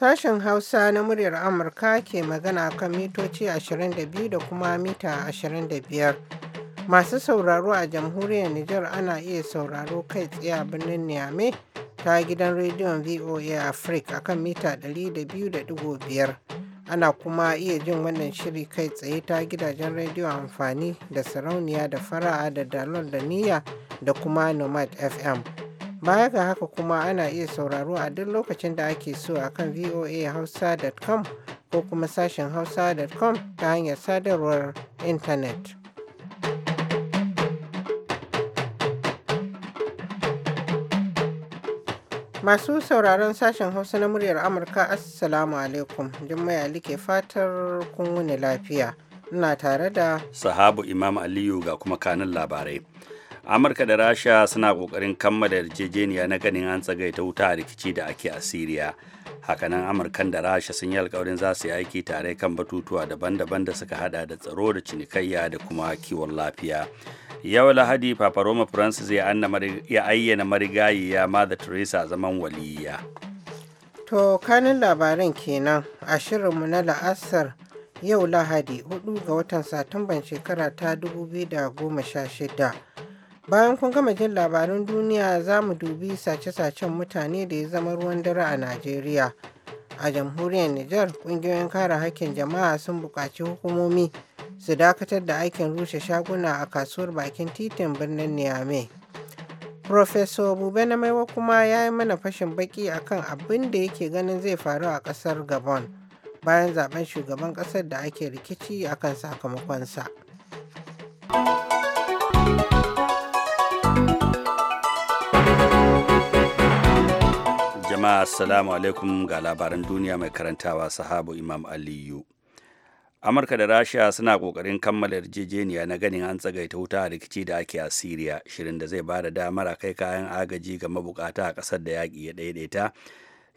Sashen Hausa na muryar Amurka ke magana kan mitoci 22 da kuma mita 25. Masu sauraro a jamhuriyar Nijar ana iya sauraro kai tsaye a birnin Niamey ta gidan rediyon VOA Africa akan mita 200.5. Ana kuma iya jin wannan shiri kai tsaye ta gidajen rediyo amfani da sarauniya da fara'a da dalol da niyya da kuma Nomad FM. Baya ga haka kuma ana iya sauraro a duk lokacin da ake so a kan voahausa.com ko kuma sashen hausa.com ta hanyar sadarwar intanet. Masu sauraron sashen Hausa na muryar Amurka Assalamu alaikum. Jummai like fatar kun wuni lafiya. Ina tare da Sahabu Imam Aliyu ga kuma kanin labarai. amurka da rasha suna kokarin kammala yarjejeniya na ganin an tsagaita wuta a rikici da ake a siriya hakanan amurkan da rasha sun yi alkawarin za su yi aiki tare kan batutuwa daban-daban da suka hada da tsaro da cinikayya da kuma kiwon lafiya yau lahadi papa roma francis ya ayyana marigayi ya da teresa zaman waliya to kanin labaran kenan a shirinmu na la'asar yau lahadi 4 ga watan satumban shekara ta 2016 Bayan kun gama jin labaran duniya za mu dubi sace-sacen mutane da ya zama ruwan dare a Najeriya. A jamhuriyar Nijar, ƙungiyoyin kare hakkin jama'a sun buƙaci hukumomi su dakatar da aikin rushe shaguna a kasuwar bakin titin birnin Niamey. Professor Bube na Maiwa kuma ya yi mana fashin baki akan abin da yake ganin zai faru a ƙasar Gabon bayan zaben shugaban ƙasar da ake rikici akan sakamakonsa. jama'a assalamu alaikum ga labaran duniya mai karantawa sahabu imam aliyu amurka da rasha suna kokarin kammala yarjejeniya na ganin an tsagaita wuta a rikici da ake a siriya shirin da zai bada damar a kai kayan agaji ga mabukata a kasar da yaƙi ya daidaita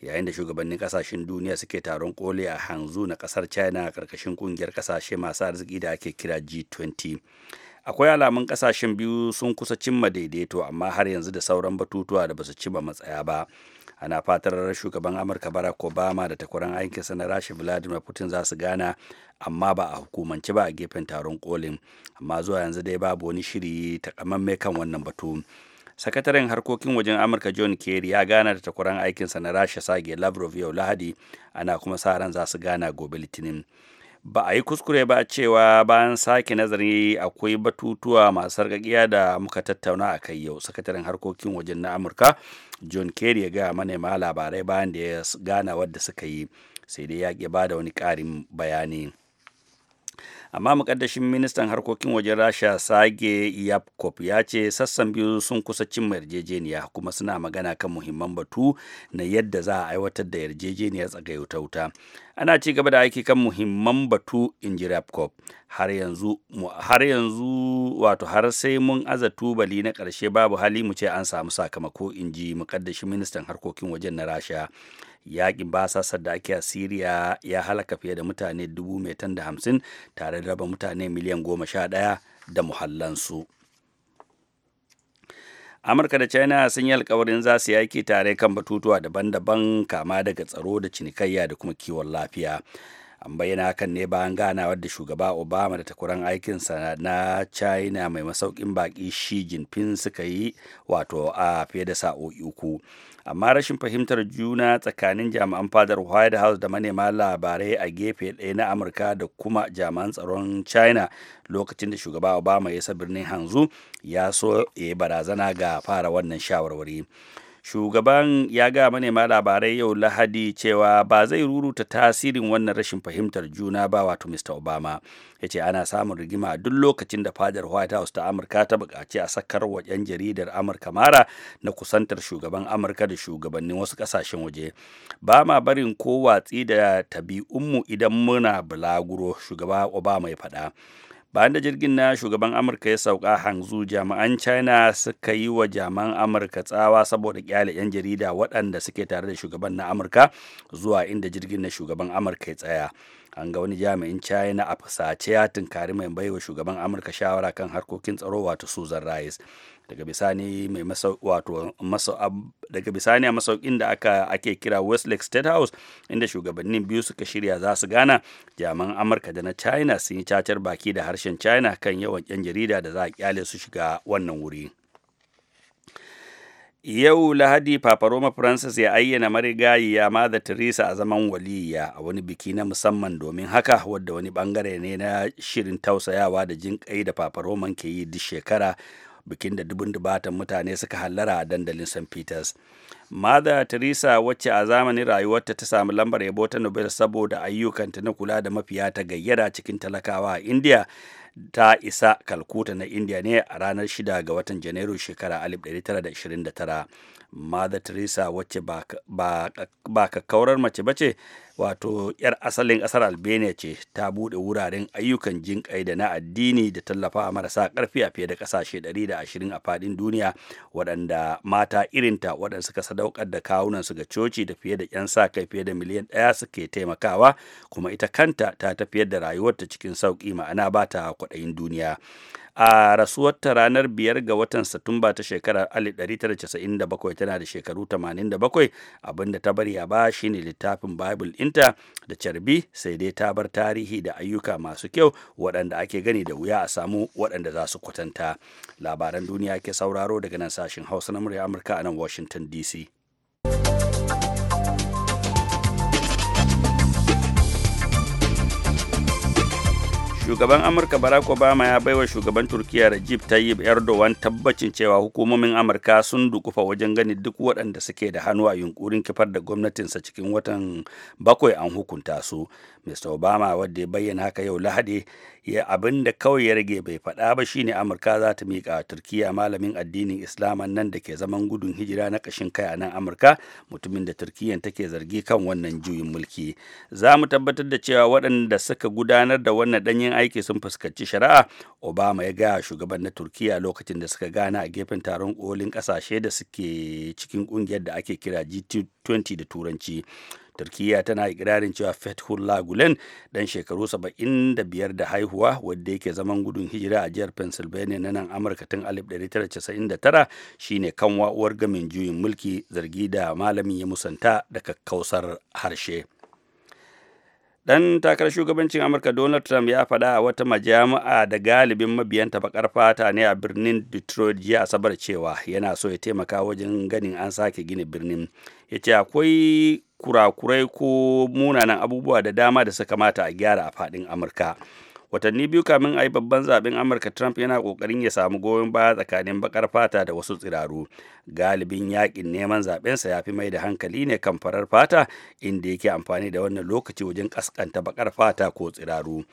yayin da shugabannin kasashen duniya suke taron koli a hanzu na kasar china a karkashin ƙungiyar kasashe masu arziki da ake kira g20 akwai alamun kasashen biyu sun kusa cimma daidaito amma har yanzu da sauran batutuwa da basu cimma matsaya ba ana fatar shugaban amurka barack obama da takwaran aikinsa na rasha vladimir putin za su gana amma ba a hukumance ba a gefen taron kolin amma zuwa yanzu dai babu wani shiri takamamme kan wannan batu sakataren harkokin wajen amurka john kerry ya gana da takwaran aikinsa na rasha sage lavrov yau lahadi ana kuma sa ran za su gana gobe litinin ba a yi kuskure ba cewa bayan sake nazari akwai batutuwa masu sarkakiya da muka tattauna a kai yau sakataren harkokin wajen na amurka john kerry ya gaya manema labarai bayan da ya gana wadda suka yi sai dai ya ba bada wani ƙarin bayani amma mukaddashin ministan harkokin wajen rasha sage yapkop ya ce sassan biyu sun kusa cimma yarjejeniya kuma suna magana kan muhimman batu na yadda za a aiwatar da yarjejeniyar tsagayauta wuta ana ci gaba da aiki kan muhimman batu in ji yapkop har yanzu har yanzu wato har sai mun aza tubali na karshe babu hali mu ce an samu sakamako in ji mukaddashin ministan harkokin wajen na rasha yakin basasar da ake a siriya ya halaka fiye da mutane dubu mai da hamsin tare da raba mutane miliyan goma sha ɗaya da muhallansu amurka da china sun yi alkawarin za su yaki tare kan batutuwa daban-daban kama daga tsaro da cinikayya da kuma kiwon lafiya an bayyana hakan ne bayan ganawar da shugaba obama da takuran aikinsa na china mai masaukin baki shi jinping suka yi wato a fiye da sa'o'i uku amma rashin fahimtar juna tsakanin jami'an fadar white house da manema labarai a gefe ɗaya na amurka da kuma jami'an tsaron china lokacin da shugaba obama ya sa birnin hanzu ya so ya barazana ga fara wannan shawarwari shugaban ya ga manema labarai yau lahadi cewa ba zai ruruta tasirin wannan rashin fahimtar juna ba wato mr obama ya ce ana samun rigima a duk lokacin da fadar white house ta amurka ta buƙaci a sakar wa 'yan jaridar amurka mara na kusantar shugaban amurka da shugabannin wasu ƙasashen waje ba ma barin ko watsi da tabi'unmu idan muna bulaguro shugaba obama ya faɗa bayan da jirgin na shugaban amurka ya sauka hangzu jami'an china suka yi wa jami'an amurka tsawa saboda kyale 'yan jarida waɗanda suke tare da shugaban na amurka zuwa inda jirgin na shugaban amurka ya tsaya an ga wani jami'in china a fasace ya tunkari mai baiwa shugaban amurka shawara kan harkokin tsaro wato suzan rice daga bisani mai wato daga bisani a masaukin da aka ake kira Westlake State House inda shugabannin biyu suka shirya za su gana jaman Amurka da na China sun yi cacar baki da harshen China kan yawan 'yan jarida da za a kyale su shiga wannan wuri. yau lahadi papa roma francis ya ayyana marigayi ya Mother teresa a zaman waliya a wani biki na musamman domin haka wadda wani bangare ne na shirin tausayawa da jinƙai da papa roman ke yi duk shekara bikin da dubun dubatan mutane suka hallara a dandalin st peters mother teresa wacce a zamanin rayuwarta ta samu lambar yabo ta nobel saboda ayyukanta na kula da mafiya ta gayyara cikin talakawa a india ta isa Kalkuta na India ne a ranar 6 ga watan Janairu shekara 1929. Mother Teresa wacce ba kakkaurar mace bace wato 'yar asalin ƙasar Albania ce ta buɗe wuraren ayyukan jinƙai da na addini da tallafa marasa ƙarfi a fiye da ƙasashe 120 a faɗin duniya waɗanda mata irinta waɗanda suka sadaukar da kawunansu ga coci da fiye da 'yan sa kai fiye da miliyan ɗaya suke taimakawa kuma ita kanta ta tafiyar da rayuwarta cikin sauƙi ma'ana ba ta kwaɗayin duniya a rasuwar ta ranar biyar ga watan satumba ta shekarar 1997 tana da shekaru 87 da ta bar ya ba shi ne littafin bible inta da carbi sai dai ta bar tarihi da ayyuka masu kyau waɗanda ake gani da wuya a samu waɗanda za su kwatanta labaran duniya ke sauraro daga nan sashen hausa na murya amurka a nan washington dc shugaban amurka barack obama ya baiwa shugaban turkiya rajib tayyip erdogan tabbacin cewa hukumomin amurka sun dukufa wajen ganin duk waɗanda suke da hannu a yunkurin kifar da gwamnatinsa cikin watan bakwai an hukunta su mr obama wadda ya bayyana haka yau lahadi ya abin da kawai ya rage bai faɗa ba shine amurka za ta miƙa turkiya malamin addinin islaman nan da ke zaman gudun hijira na ƙashin kai a nan amurka mutumin da turkiyan take zargi kan wannan juyin mulki za mu tabbatar da cewa waɗanda suka gudanar da wannan ɗanyen aiki sun fuskanci shari'a obama ya gaya shugaban na turkiya lokacin da suka gana a gefen taron kolin ƙasashe da suke cikin ƙungiyar da ake kira g20 da turanci turkiya tana ikirarin cewa fethullah gulen dan shekaru 75 da haihuwa wadda yake zaman gudun hijira a jihar pennsylvania na nan amurka tun 1999 shine kan wa'uwar gamin juyin mulki zargi da malamin ya musanta da kakkausar harshe dan takarar shugabancin amurka donald trump ya faɗa a wata majami'a da galibin mabiyanta bakar fata ne a birnin detroit jiya asabar cewa yana so ya taimaka wajen ganin an sake gina birnin ya ce akwai kurakurai ko munanan abubuwa da dama da suka mata a gyara a faɗin amurka watanni biyu kamin a yi babban zaben amurka trump yana kokarin ya samu goyon baya tsakanin bakar fata da wasu tsiraru galibin yakin neman zabensa ya fi mai da hankali ne kan farar fata inda yake amfani da wannan lokaci wajen kaskanta bakar fata ko tsiraru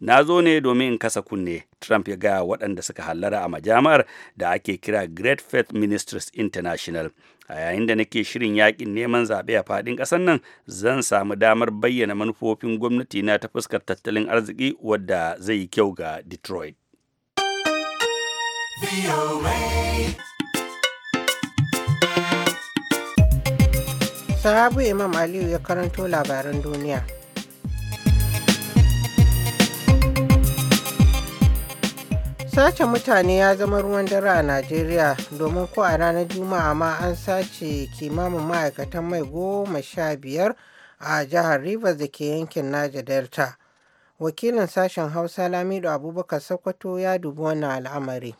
na zo ne domin in kasa kunne trump ya gaya waɗanda suka hallara a majami'ar da ake kira great faith ministries international a yayin da nake shirin yakin neman zaɓe a faɗin ƙasar nan zan samu damar bayyana manufofin gwamnati na ta fuskar tattalin arziki wadda zai yi kyau ga detroit sahabu imam aliyu ya karanto labaran duniya sace mutane ya zama ruwan dare a najeriya domin ko a ranar juma'a ma an sace kimamin ma'aikatan mai goma sha biyar a jihar rivers da ke yankin naja delta wakilin sashen hausa lamido abubakar sokoto ya dubi wannan al'amari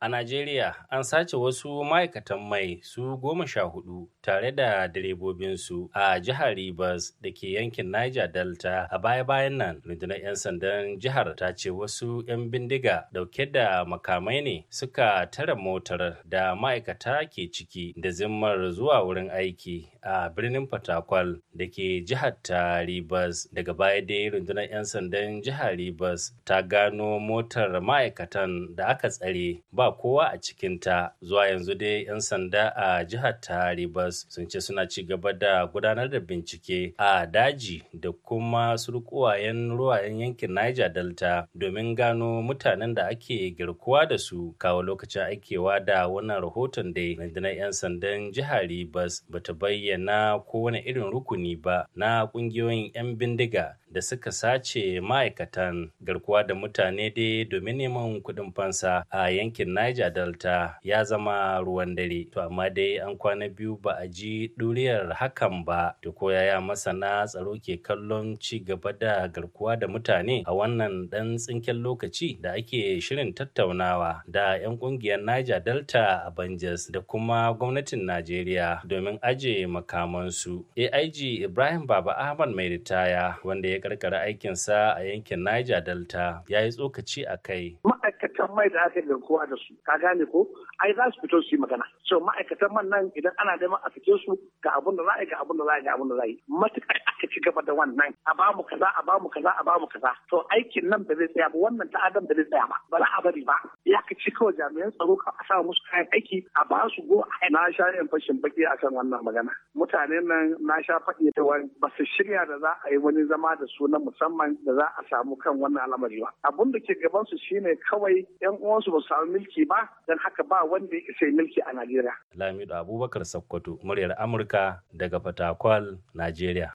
A Najeriya, an sace wasu ma'aikatan mai su goma sha hudu tare da direbobinsu a jihar Rivers da ke yankin Niger Delta a baya-bayan nan. Rundunar 'yan sandan jihar ta ce wasu 'yan bindiga dauke da makamai ne suka tara motar da ma'aikata ke ciki da zimmar zuwa wurin aiki a birnin Fatakwal da ke jihar ta Rivers. Daga baya dai rundunar 'yan sandan jihar Rivers ta gano motar ma'aikatan da aka tsare ba ba kowa a cikinta zuwa yanzu dai 'yan sanda a jihar ta ribas sun ce suna ci gaba da gudanar da bincike a daji da kuma surkuwayen ruwayen yankin Niger Delta domin gano mutanen da ake girkuwa da su kawo lokacin aikewa da wannan rahoton dai rundunar 'yan sandan jihar ribas bata bayyana kowane irin rukuni ba na kungiyoyin 'yan bindiga da suka sace ma'aikatan garkuwa da mutane dai domin neman kuɗin fansa a yankin Niger Delta ya zama ruwan dare. To amma dai an kwana biyu ba a ji ɗuriyar hakan ba da yaya masana tsaro ke kallon ci gaba da garkuwa da mutane a wannan ɗan tsinken lokaci da ake shirin tattaunawa da 'yan ƙungiyar Niger Delta a Banjas da kuma gwamnatin Najeriya domin aje makamansu. AIG Ibrahim Baba Ahmad mai ritaya wanda ya karkara sa a yankin Niger Delta ya yi tsokaci a kai. Ma'aikatan mai da aka garkuwa da su, ka gane ko? Ai za su fito su yi magana. so ma'aikatan man nan idan ana neman a fice su ga abin da za a yi ga abin da za a yi ga abin da za a yi matuƙar aka ci gaba da wannan a ba mu kaza a ba mu kaza a ba mu kaza to aikin nan ba zai tsaya ba wannan ta adam ba zai tsaya ba ba za a bari ba ya ka ci kawai jami'an tsaro ka a sa musu kayan aiki a ba su go a na sha yin fashin baki kan wannan magana mutanen nan na sha faɗi da ba su shirya da za a yi wani zama da su na musamman da za a samu kan wannan al'amari ba abun da ke gaban su shine kawai yan uwansu ba su samu milki ba dan haka ba wanda ya isa milki a Najeriya Najeriya. Lamido Abubakar Sokoto, muryar Amurka daga Fatakwal, Najeriya.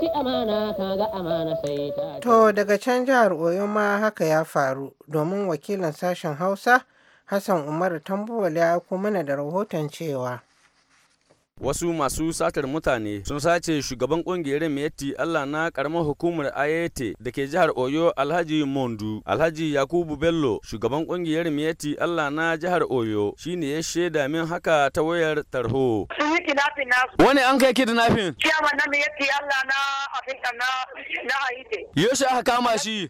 ci amana To daga can jihar Oyo ma haka ya faru, domin wakilin sashen Hausa Hassan Umar, Tambuwal ya aiko mana da rahoton cewa. wasu masu satar mutane sun sace shugaban kungiyar meti allah na karamar hukumar ayete da ke jihar oyo alhaji mondu alhaji yakubu bello shugaban kungiyar meti allah na jihar oyo shine ya shaida min haka ta wayar tarho wani an kai kidnapping ciyaman na meti allah na na aka kama shi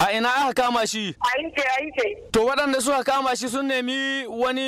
a ina aka kama shi to waɗanda suka kama shi sun nemi wani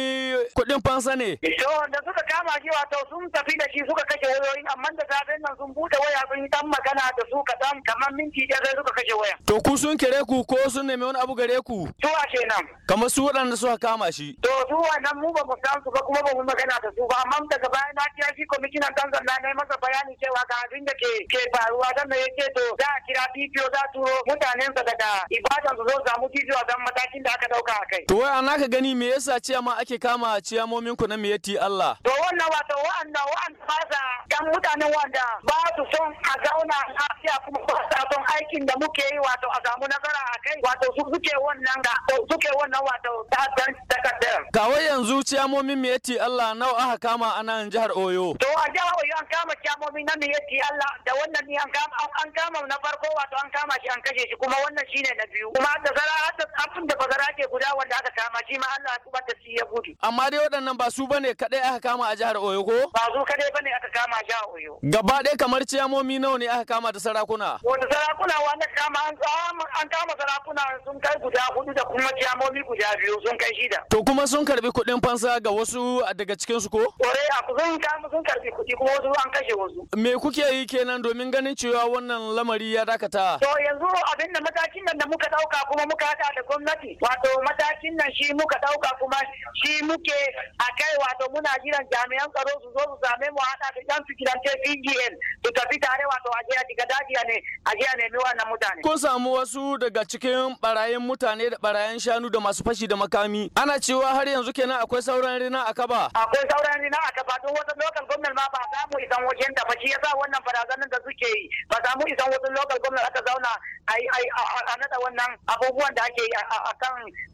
kuɗin fansa ne eh da suka kama shi wato sun tafi da shi suka kashe wayoyin amma da safen nan sun bude waya sun yi dan magana da su kadan kamar minti ɗaya sai suka kashe waya to ku sun ku ko sun nemi wani abu gare ku su a kenan kamar su waɗanda suka kama shi to su wannan mu ba mu san su ba kuma ba mu magana da su ba amma daga baya na kira shi kwamishinan dan sanda na yi masa bayani cewa ga abin da ke ke faruwa dan da yake to za a kira bidiyo za a turo sa daga ibadan su zo samu bidiyo dan matakin da aka ɗauka a kai to wai an ka gani me yasa ciyama ake kama ciyamomin ku na me yati Allah to wannan wato wa'anda wa'anda ba sa dan mutanen wanda ba su son a zauna lafiya kuma ba sa son aikin da muke yi wato a samu nasara a kai wato su suke wannan da suke wannan wato ta'addan takardar kawai yanzu ciyamomin me yati Allah nawa aka kama a nan jihar Oyo to a jihar Oyo an kama ciyamomi na me yati Allah da wannan ni an kama an kama na farko wato an kama shi an kashe shi kuma wannan shine na biyu kuma da zara da abin da bazara ke guda wanda aka kama shi ma Allah ya kubar da shi ya gudu amma dai waɗannan ba su su bane kadai aka kama a jihar Oyo ko? Ba su kadai bane aka kama a jihar Oyo. Gaba ɗaya kamar ciyamomi nawa ne aka kama da sarakuna? Wanda sarakuna wanda kama an kama sarakuna sun kai guda hudu da kuma ciyamomi guda biyu sun kai shida. To kuma sun karbi kuɗin fansa ga wasu daga cikin su ko? Kore a sun kama sun karbi kuɗi kuma wasu an kashe wasu. Me kuke yi kenan domin ganin cewa wannan lamari ya dakata? To yanzu abin da matakin nan da muka ɗauka kuma muka haɗa da gwamnati wato matakin nan shi muka ɗauka kuma shi muke a kai wato muna jiran jami'an tsaro su zo su same mu haɗa da jan fikirance pgn su tafi tare wato a jiya daga dajiya ne a jiya mi wannan mutane. kun samu wasu daga cikin barayin mutane da barayin shanu da masu fashi da makami ana cewa har yanzu kenan akwai sauran rina a kaba. akwai sauran rina a kaba don wasu local gwamnati ma ba samu isan wajen da fashi ya sa wannan barazanar da suke yi ba samu isan wasu local gwamnati aka zauna a nada wannan abubuwan da ake yi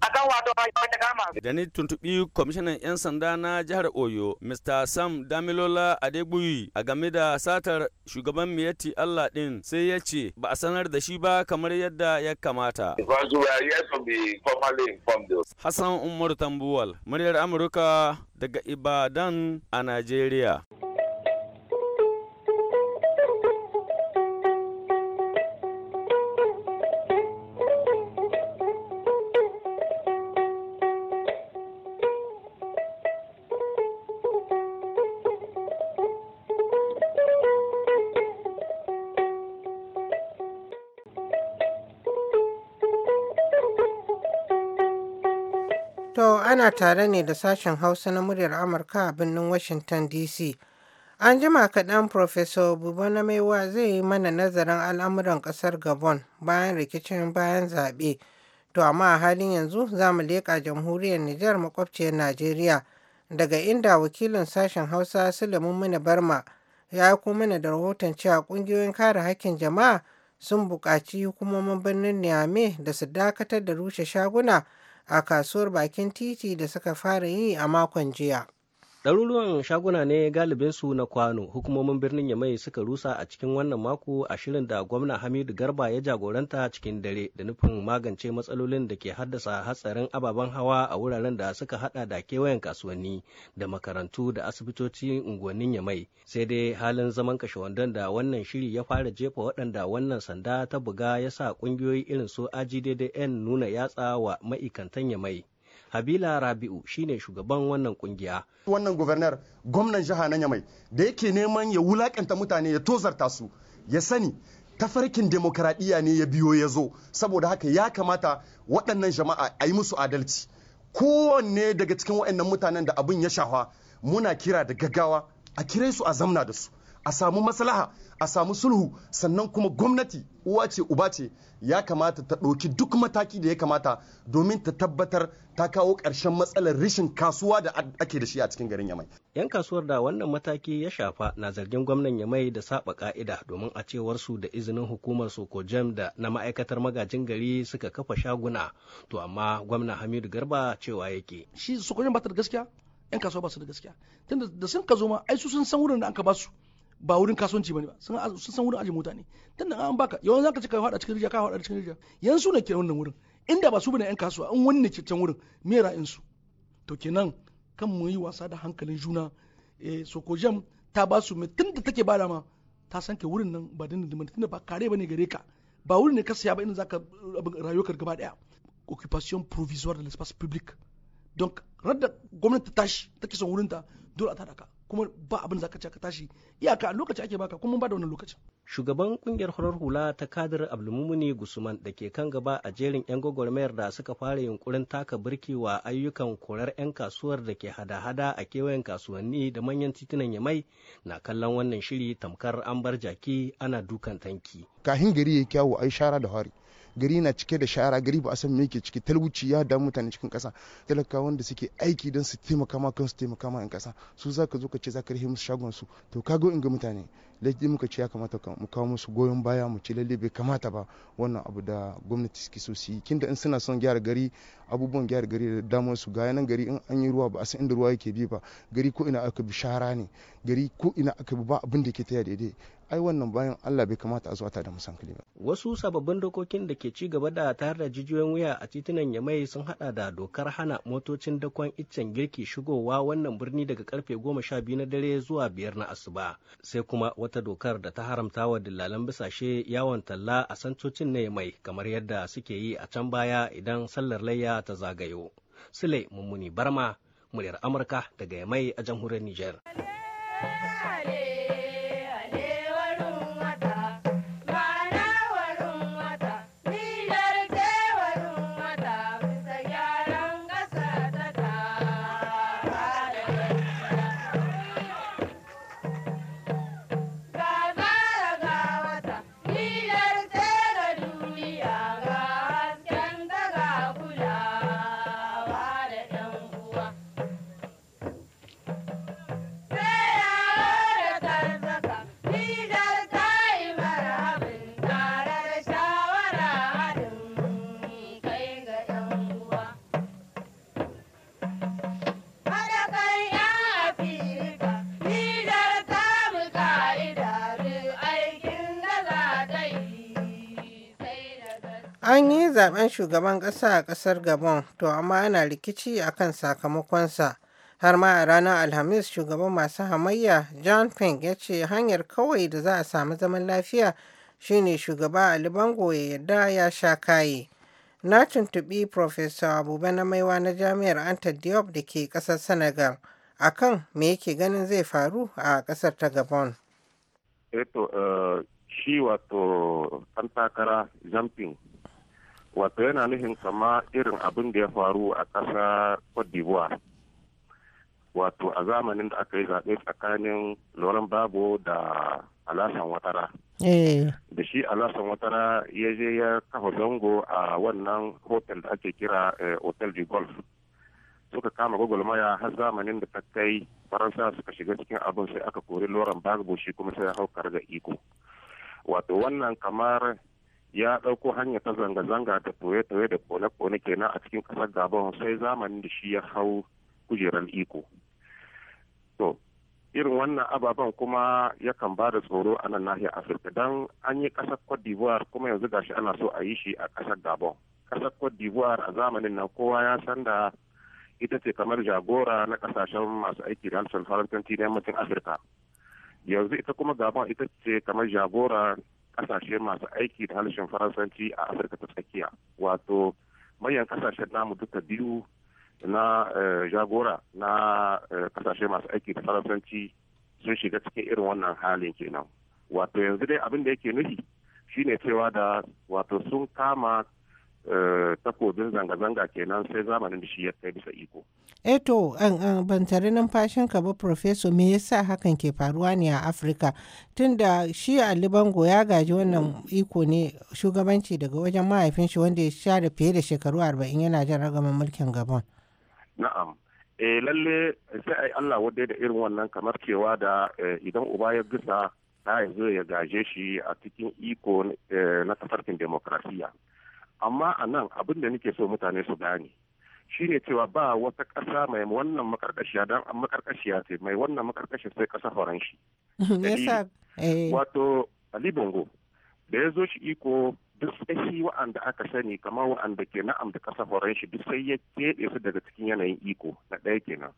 akan wato ta kama. da ni tuntuɓi kwamishinan 'yan sanda na na jihar Oyo, Mr. Sam Damilola Adegbuyi a game da satar shugaban Miyatti Allah ɗin sai ya ce ba a sanar da shi ba kamar yadda ya kamata. Hassan umaru Tambuwal, muryar Amurka daga Ibadan a Najeriya. tare ne da sashen Hausa na muryar Amurka a birnin Washington DC. An jima kaɗan Professor na Maiwa zai yi mana nazarin al'amuran ƙasar Gabon bayan rikicin bayan zaɓe. To amma a halin yanzu za mu leƙa jamhuriyar Nijar makwabciyar Najeriya daga inda wakilin sashen Hausa sulemin Muna Barma ya aiko mana da rahoton cewa ƙungiyoyin kare hakkin jama'a sun buƙaci hukumomin birnin Niamey da su dakatar da rushe shaguna a kasuwar bakin titi da suka fara yi a makon jiya. Ɗaruruwan shaguna ne galibinsu na kwano hukumomin birnin Yamai suka rusa a cikin wannan mako a shirin da gwamna Hamidu Garba ya jagoranta cikin dare da nufin magance matsalolin da ke haddasa hatsarin ababen hawa a wuraren da suka hada da kewayen kasuwanni da makarantu da asibitoci unguwannin Yamai sai dai halin zaman kashe wandon da wannan shiri ya fara jefa waɗanda wannan sanda ta buga ya sa ƙungiyoyi irin su aji daidai nuna yatsa wa ma'ikantan Yamai. habila rabi'u shine shugaban wannan kungiya wannan gwamnar gwamnan jiha na nyamai da yake neman ya wulakanta mutane ya tozarta su ya sani tafarkin demokradiyya ne ya biyo ya zo saboda haka ya kamata waɗannan jama'a a yi musu adalci kowanne daga cikin waɗannan mutanen da abin ya shafa muna kira da gaggawa a kire su a zamna da su a samu maslaha a samu sulhu sannan kuma gwamnati uwa ce uba ce ya kamata ta ɗauki duk mataki da ya kamata domin ta tabbatar ta kawo ƙarshen matsalar rishin kasuwa da ake da shi a cikin garin yamai yan kasuwar da wannan mataki ya shafa na zargin gwamnan yamai da saba ka'ida domin a cewar su da izinin hukumar jam da na ma'aikatar magajin gari suka kafa shaguna to amma gwamna hamidu garba cewa yake shi sokojam ba ta da gaskiya yan kasuwa ba su da gaskiya tunda da sun ka zo ma ai su sun san wurin da an ka ba su ba wurin kasuwanci bane ba sun san wurin aje mota ne tunda an baka yawan zaka ci ka fada cikin rijiya ka hada cikin rijiya yanzu ne ke wannan wurin inda ba su bane yan kasuwa in wani ne ke can wurin me ra'ayin su to kenan kan mu yi wasa da hankalin juna eh sokojam ta ba su tun da take bada ma ta san ke wurin nan ba dinda dimanta tunda ba kare bane gare ka ba wurin ne ka siya ba inda zaka rayuwar gaba daya occupation provisoire de l'espace public donc radda gwamnati ta tashi take son wurin ta dole a tada ka kuma ba abin da ka ka tashi iyaka lokaci ake baka kuma ba da wannan lokacin shugaban kungiyar horar hula ta kadir abdulmumuni gusman da ke kan gaba a jerin yan gwagwarmayar da suka fara yunkurin taka birki wa ayyukan korar yan kasuwar da ke hada-hada a kewayen kasuwanni da manyan titunan yamai na kallon wannan shiri tamkar an bar jaki ana dukan tanki kahin gari ya kyawu ai shara da hari gari na cike da shara gari ba a san me yake ciki talwuci ya damu mutane cikin kasa talaka wanda suke aiki don su taimaka ma kansu taimaka ma 'yan kasa su za ka zo ka ce za ka rahe musu shagon su to ka go in ga mutane lalle muka ce ya kamata mu kawo musu goyon baya mu ci lalle bai kamata ba wannan abu da gwamnati suke so su yi kinda in suna son gyara gari abubuwan gyara gari da damar su ga yanan gari in an yi ruwa ba a san inda ruwa yake bi ba gari ko ina aka bi shara ne gari ko ina aka bi ba abin da ke taya daidai ai wannan bayan Allah bai kamata a ta da musankali ba. Wasu sababbin dokokin da ke ci gaba da tayar da jijiyoyin wuya a titunan Yamai sun hada da dokar hana motocin dakon iccen girki shigowa wannan birni daga karfe goma sha biyu na dare zuwa biyar na asuba sai kuma wata wata dokar da ta haramta wa dillalan bisashe yawon talla a santocin ne mai kamar yadda suke yi a can baya idan sallar layya ta zagayo. Sule Mummuni Barma, muryar Amurka daga mai a jamhuriyar Nijar. yin zaben shugaban ƙasa a ƙasar Gabon, to amma ana rikici a kan sakamakonsa. Har ma a ranar Alhamis shugaban masu hamayya John Ping ya ce hanyar kawai da za a samu zaman lafiya shine shugaba Ali Bango ya yarda ya sha kaye. Na tuntubi Professor Abube na Maiwa na Jami'ar Anta Diop da ke ƙasar Senegal akan me yake ganin zai faru a ƙasar ta Gabon. Eh eh, shi wato kan takara wato yana nufin kama irin abin da ya faru a ƙasa cote d'ivoire wato a zamanin da aka yi zaɓe tsakanin loren babo da alasan watara eh. da shi alasan watara ya je ya kafa zango a wannan hotel da ake kira eh, hotel de golf suka kama gwagwalmaya har zamanin da ta kai faransa suka shiga cikin abin sai aka kori loren bagbo shi kuma sai haukar da iko wato wannan kamar ya ɗauko hanya ta zanga-zanga da toye-toye da kone-kone kenan a cikin ƙasar gabon sai zamanin da shi ya hau kujerar iko to irin wannan ababen kuma yakan ba da tsoro a nan nahiyar afirka don an yi ƙasar cote d'ivoire kuma yanzu gashi ana so a yi shi a ƙasar gabon ƙasar cote d'ivoire a zamanin nan kowa ya san da ita ce kamar jagora na kasashen masu aiki da harshen faransanci na yammacin afirka yanzu ita kuma gabon ita ce kamar jagora kasashe masu aiki da harshen faransanci a afirka ta tsakiya wato manyan kasashen namu duka biyu na eh, jagora na eh, kasashe masu aiki da faransanci sun shiga cikin irin wannan halin kenan wato yanzu dai abin da yake nufi shine cewa da wato sun kama Eh, takobin zanga-zanga kenan sai zamanin da shi ya kai bisa iko. Eto, eh an an ban tare numfashinka ba Profeso me yasa hakan ke faruwa ne a Afirka tunda shi a Bango ya gaji wannan iko ne shugabanci daga wajen mahaifin shi wanda ya share fiye da shekaru arba'in yana jan ragaman mulkin Gabon. Na'am. Eh lalle sai ai Allah wadai da irin wannan kamar cewa da eh, idan uba ya gusa ta ya zo ya gaje shi a cikin iko na tafarkin demokrasiya. amma a nan abin da nake so mutane su gane shine cewa ba wata ƙasa mai wannan makarkashiya dan makarkashiya ce mai wannan makarkashi sai ƙasa faranshi eh. wato ali bongo da ya zo shi iko duk sai wa'anda aka sani kamar wa'anda ke na'am da ƙasa faranshi duk sai ya keɓe su daga cikin yanayin iko na ɗaya kenan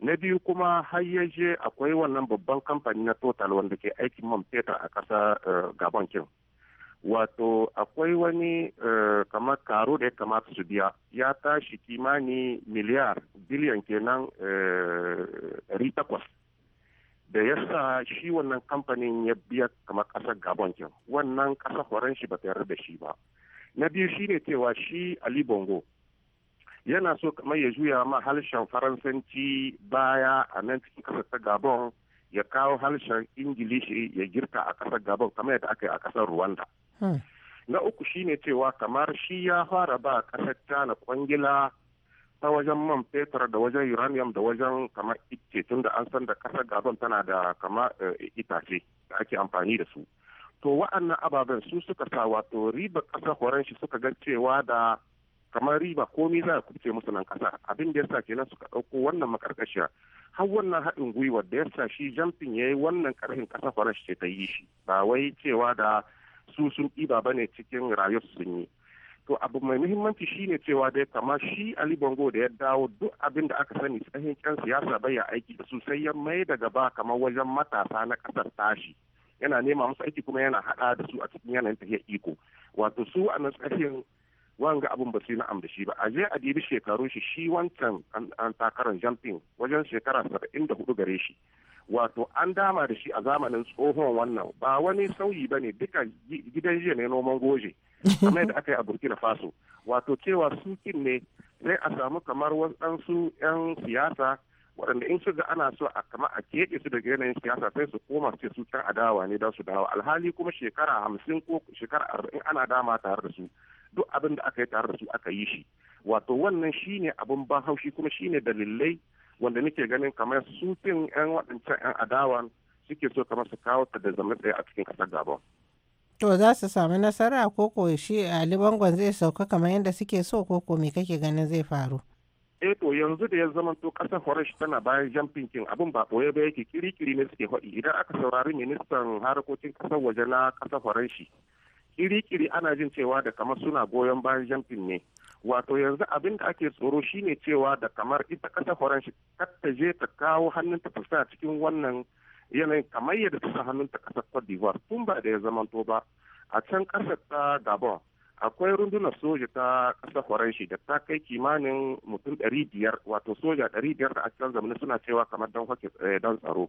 na biyu kuma har ya je akwai wannan babban kamfani na total wanda ke aikin man fetur a ƙasa eh, gabon kin wato akwai wani eh, kamar karo da ya kamata su biya ya tashi kimani miliyar biliyan kenan eh, ɗari takwas da ya sa shi wannan kamfanin ya biya kamar ƙasar gabon kin wannan ƙasa horon shi ba ta da shi ba na biyu shi ne cewa shi ali bongo yana so kamar ya juya ma harshen faransanci baya a nan cikin ƙasar ta gabon ya kawo harshen ingilishi ya girka a ƙasar gabon kamar yadda aka yi a ƙasar rwanda na uku shine cewa kamar shi ya fara ba kasar na kwangila ta wajen man fetur da wajen uranium da wajen kamar itce tun da an san da kasar gabon tana da kama eh, itace da ake amfani da su to wa'annan ababen su suka sa wato riba kasar horon shi suka ga cewa da kamar riba komi za a kubce musu nan kasa abin da yasa kenan suka ɗauko wannan makarkashiya har wannan haɗin gwiwa da yasa shi jamfin ya yi wannan ƙarfin kasar horon shi ce ta yi shi ba wai cewa da su sun ɗiba ba ne cikin rayuwar sun yi to abu mai muhimmanci shine cewa dai kama shi ali bongo da ya dawo duk abin da aka sani tsahin yan siyasa bai aiki da su sai ya mai da ba kamar wajen matasa na kasar tashi yana nema musu aiki kuma yana hada da su a cikin yanayin tafiya iko wato su a tsahin wanga abun ba su na'am da shi ba a je a dibi shekarun shi shi wancan an takarar jamfin wajen shekara saba'in da hudu gare shi wato an dama da shi a zamanin tsohon wannan ba wani sauyi ba ne duka gidan jiya ne noman goje kamar yadda aka yi a burkina faso wato cewa sukin ne sai a samu kamar wasu 'yan siyasa waɗanda in shiga ana so a kama a keɓe su daga yanayin siyasa sai su koma su ce su can adawa ne don su dawo alhali kuma shekara hamsin ko shekara arba'in ana dama tare da su duk abin da aka yi tare da su aka yi shi wato wannan shine abin ban haushi kuma shine dalilai wanda nake ganin kamar su fin yan waɗancan yan adawa suke so kamar su kawo ta da zama tsaye a cikin ƙasar gabon. to za su samu nasara ko ko shi ali bangon zai sauka kamar yadda suke so ko ko me kake ganin zai faru. eh to yanzu da ya zama to ƙasar tana bayan jan pinkin abin ba ɓoye ba yake kirikiri ne suke faɗi idan aka saurari ministan harkokin ƙasar waje na ƙasar horashi kiri-kiri ana jin cewa da kamar suna goyon bayan jamfin ne wato yanzu abin da ake tsoro shine cewa da kamar ita kasa faranshi ta je ta kawo hannun ta fuska cikin wannan yanayin kamar yadda ta sa hannun ta kasar cote d'ivoire tun ba da ya zamanto ba a can kasar ta gabon akwai rundunar soja ta kasar faranshi da ta kai kimanin mutum ɗari wato soja ɗari biyar da a cikin suna cewa kamar don eh, tsaro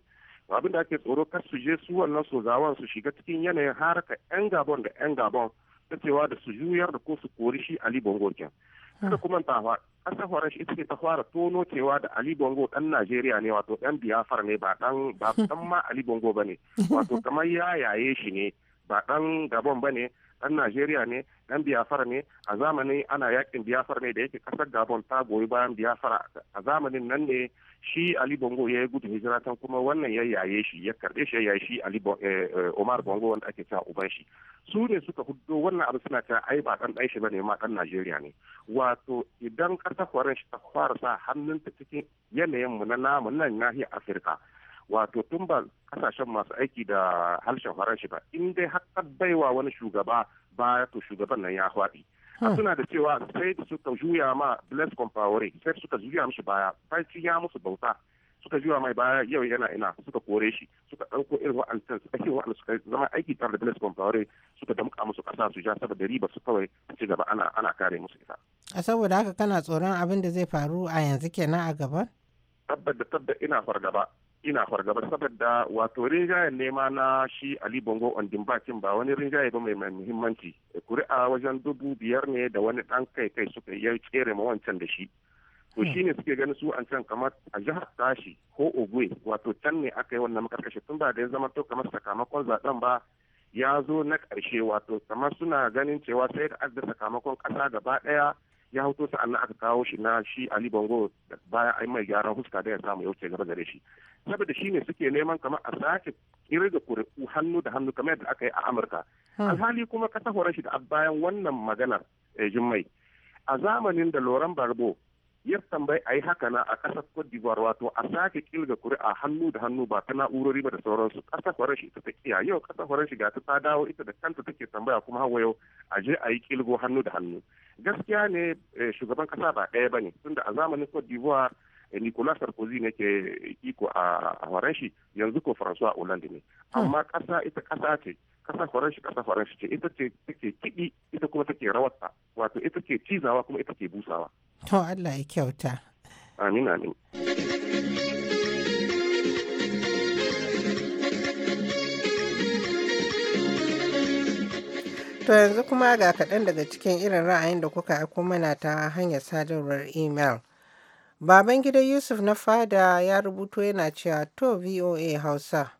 abin da ake tsoro kar su je su wannan sozawan su shiga cikin yanayin haraka yan gabon da yan gabon ta cewa da su juyar da ko su kori shi ali bongo ken ah. kada kuma ta ƙasar shi ita ta fara tono cewa da ali bongo dan najeriya ne wato dan biyafar ne ba dan ba dan ma ali bongo bane wato kamar ya yaye shi ne ba dan gabon bane dan najeriya ne dan biyafara ne a zamani ana yakin biyafara ne da yake kasar gabon ta goyi bayan biyafara a zamanin nan ne shi ali bongo ya yi gudu hijira kuma wannan ya yaye shi ya karbe shi ya yaye shi ali eh, eh, omar bongo wanda ake cewa uban shi su ne suka hudo wannan abu suna cewa ai ba dan dan shi bane ma dan najeriya ne wato idan kasar kwarin shi ta fara sa hannunta cikin yanayin mu na namu nan nahiyar afirka wato tun ba kasashen masu aiki da harshen faranshi ba in dai har baiwa wani shugaba ba to shugaban nan ya faɗi hmm. a suna da cewa sai suka juya ma bless compaore sai suka juya mishi baya bayan ya musu bauta suka juya mai baya yau yana ina suka kore shi suka ɗauko irin wa'ancan suka ke wa'ancan suka zama aiki tare da bless compaore suka damƙa musu ƙasa su ja saboda riba su kawai ci gaba ana ana kare musu ita a saboda haka kana tsoron abin da zai faru a yanzu kenan a gaba tabbata da ina fargaba ina fargaba saboda wato rinjayen nema na shi ali bongo ondin bakin ba wani rinjaye ba mai muhimmanci kuri'a wajen dubu biyar ne da wani dan kai kai suka yi kere ma wancan da shi to hmm. shi ne suke ganin su an can kamar a jihar tashi ko ogwe wato can ne aka yi wannan makarkashi tun ba da ya zama to kamar sakamakon zaben ba ya zo na ƙarshe wato kamar suna ganin cewa sai da adda sakamakon ƙasa gaba ɗaya ya hauto sa'annan aka kawo shi na shi Ali Bango baya ai mai gyaran huska da ya samu ya wuce gaba gare shi saboda shi ne suke neman kamar a sake kirga kuri'u hannu da hannu kamar yadda aka yi a Amurka hmm. alhali kuma kasa shi da bayan wannan maganar eh, jummai a zamanin da Loran Barbo ya tambayi a yi haka na a ƙasar Cote d'Ivoire wato a sake kilga kuri'a hannu da hannu ba ta na'urori ba da sauransu ƙasar Faranshi ita ta kiya yau ƙasar Faranshi ga ta dawo ita da kanta take tambaya kuma hawa yau a je a yi kilgo hannu da hannu gaskiya ne eh, shugaban ƙasa ba ɗaya ba ne tunda a zamanin Cote d'Ivoire eh, Nicolas Sarkozy ne ke iko a Faranshi yanzu ko François Hollande ne hmm. amma kasa ita kasa ce kasar faranshi kasar shi ce ita ce take kiɗi ita kuma take rawarta wato ita ce cizawa kuma ita ke busawa. To Allah ya kyauta. Amin amin. To yanzu kuma ga kaɗan daga cikin irin ra'ayin da kuka aiko mana ta hanyar sadarwar email. Baban gida Yusuf na fada ya rubuto yana cewa to VOA Hausa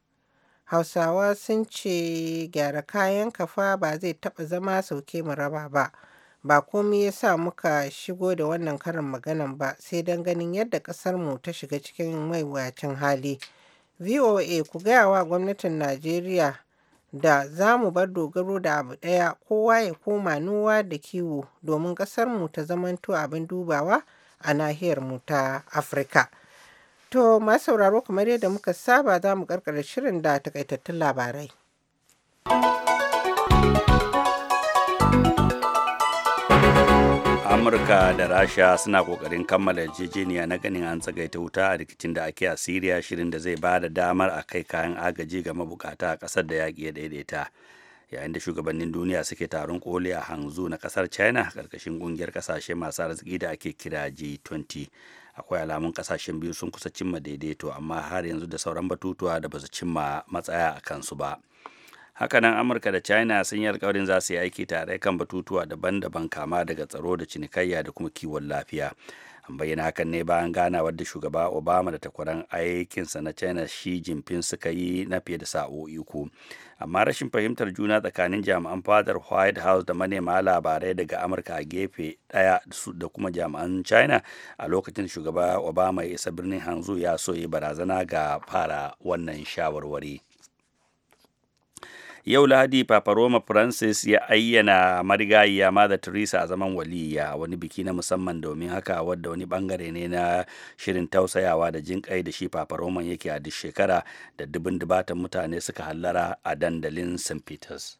Hausawa sun ce gyara kayan kafa ba zai taɓa zama sauke mu raba ba. Ba komai ya sa muka shigo da wannan karin maganan ba sai don ganin yadda ƙasarmu ta shiga cikin mai mawuyacin hali. VOA ku gaya wa gwamnatin Najeriya da za mu bar dogaro da abu ɗaya kowa ya koma nowa da kiwo domin ƙasarmu ta zamanto abin dubawa a nahiyar mu ta Afirka. To masu sauraro kamar yadda muka saba za mu karkara shirin da takaitattun labarai. Amurka da Rasha suna kokarin kammala yarjejeniya na ganin an tsagaita wuta a rikicin da ake a Siriya shirin da zai ba da damar a kai kayan agaji ga mabukata a ƙasar da yaƙi ya daidaita. Yayin da shugabannin duniya suke taron koli a Hangzhou na ƙasar China ƙarƙashin ƙungiyar ƙasashe masu arziki da ake kira G20. akwai alamun kasashen biyu sun kusa cimma daidaito amma har yanzu da sauran batutuwa da ba su cimma matsaya a kansu ba hakanan amurka da china sun yi alkawarin za su yi aiki tare kan batutuwa daban-daban kama daga tsaro da cinikayya da kuma kiwon lafiya an bayyana hakan ne bayan ganawar da shugaba obama da takwaran aikinsa na china shi jinfin suka yi na fiye da sa'o'i uku amma rashin fahimtar juna tsakanin jami'an fadar white house da manema labarai daga amurka a gefe daya da kuma jami'an china a lokacin shugaba obama ya isa birnin hanzu ya so yi barazana ga fara wannan shawarwari yau lahadi papa roma francis ya ayyana marigayiya mother teresa a zaman waliya wani biki na musamman domin haka wadda wani bangare ne na shirin tausayawa da jinƙai da shi papa roman yake a duk shekara da dubin dubatan mutane suka hallara a dandalin st peters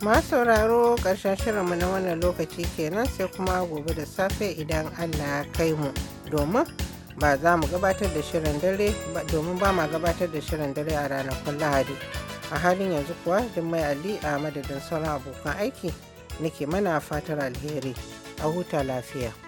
masu sauraro karshen shirinmu na wannan lokaci kenan sai kuma gobe da safe idan allah ya kai mu domin ba za mu gabatar da shirin dare domin ba ma gabatar da shirin dare a ranakun lahadi a halin yanzu kuwa mai ali a madadin sauran abokan aiki nake mana fatar alheri a huta lafiya